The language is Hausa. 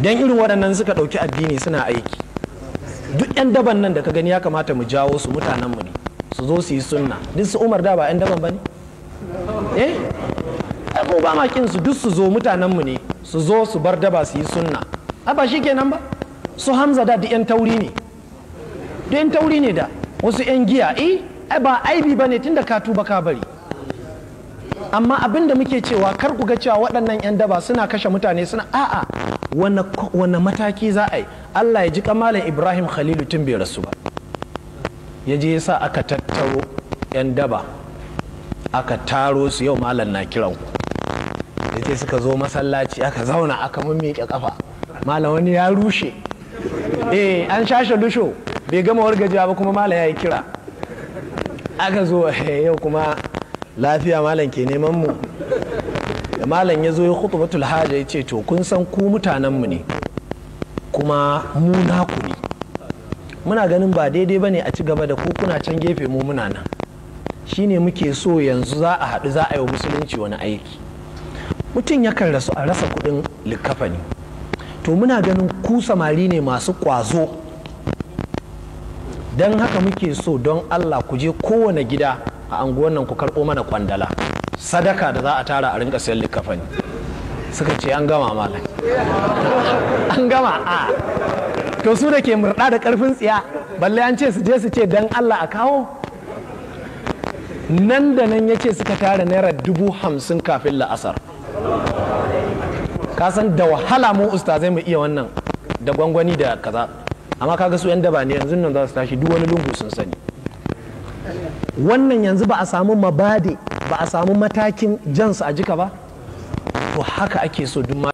dan irin waɗannan suka ɗauki addini suna aiki duk 'yan daban nan da ka gani ya kamata mu jawo su mutanen mu ne su zo su yi sunna duk su umar da ba 'yan daban ba ne eh mu ba ma kin su duk su zo mutanen mu ne su zo su bar daba su yi sunna a ba shikenan ba su hamza da duk 'yan tauri ne duk 'yan tauri ne da wasu 'yan giya eh ba aibi ba ne tun da ka tuba ka bari amma abin da muke cewa kar ku ga cewa waɗannan 'yan daba suna kashe mutane suna a'a wani mataki za a yi allah ya ji kamalin ibrahim khalilu tun bai rasu ba ya je sa aka tattaro 'yan daba aka taro su yau malam na kiran ku da ke suka zo masallaci aka zauna aka mimmiƙe kafa malam wani ya rushe eh an shashe lusho bai gama wargajiya ba kuma malam ya yi kira aka zo eh, yau kuma lafiya malam ke neman mu da malam ya zo ya khutbatul haja ya ce to kun san ku mutanenmu ne kuma mu naku ne muna ganin ba daidai ba ne a ci gaba da ku kuna can gefe mu muna nan shine muke so yanzu za a haɗu za a yi musulunci wani aiki mutum yakan rasu a rasa kuɗin likafani to muna ganin ku samari ne masu ƙwazo don haka muke so don allah ku je kowane gida a anguwan nan ku karɓo mana kwandala sadaka da za a tara a rinka siyan likafani suka ce an gama malam an gama a to su da ke murɗa da karfin tsiya balle an ce su je su ce dan Allah a kawo nan da nan ya ce suka tara naira dubu hamsin kafin la'asar ka san da wahala mu ustazai mu iya wannan da gwangwani da kaza amma kaga su yan daba ne yanzu nan za su tashi duk wani lungu sun sani wannan yanzu ba a samu mabade ba a samu matakin jansu a jika ba to haka ake so duma